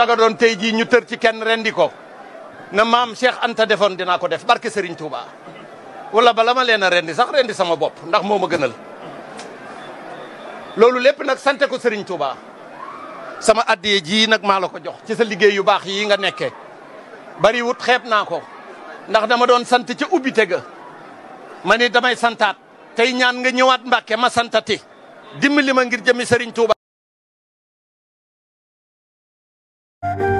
daga doon tey jii ñu tër ci kenn rendi ko na maam Cheikh Anta defoon dinaa ko def barke Serigne Touba wala bala ma leen a rendi sax rendi sama bopp ndax moo ma gënal loolu lépp nag sante ko sëriñ Touba sama addiye jii nag maa la ko jox ci sa liggéey yu baax yi nga nekkee bari wut xeeb naa ko ndax dama doon sant ca ubbite ga ma ni damay santaat tey ñaan nga ñëwaat Mbàkke ma santati dimbali ma ngir jëmi sëriñ Touba. thank you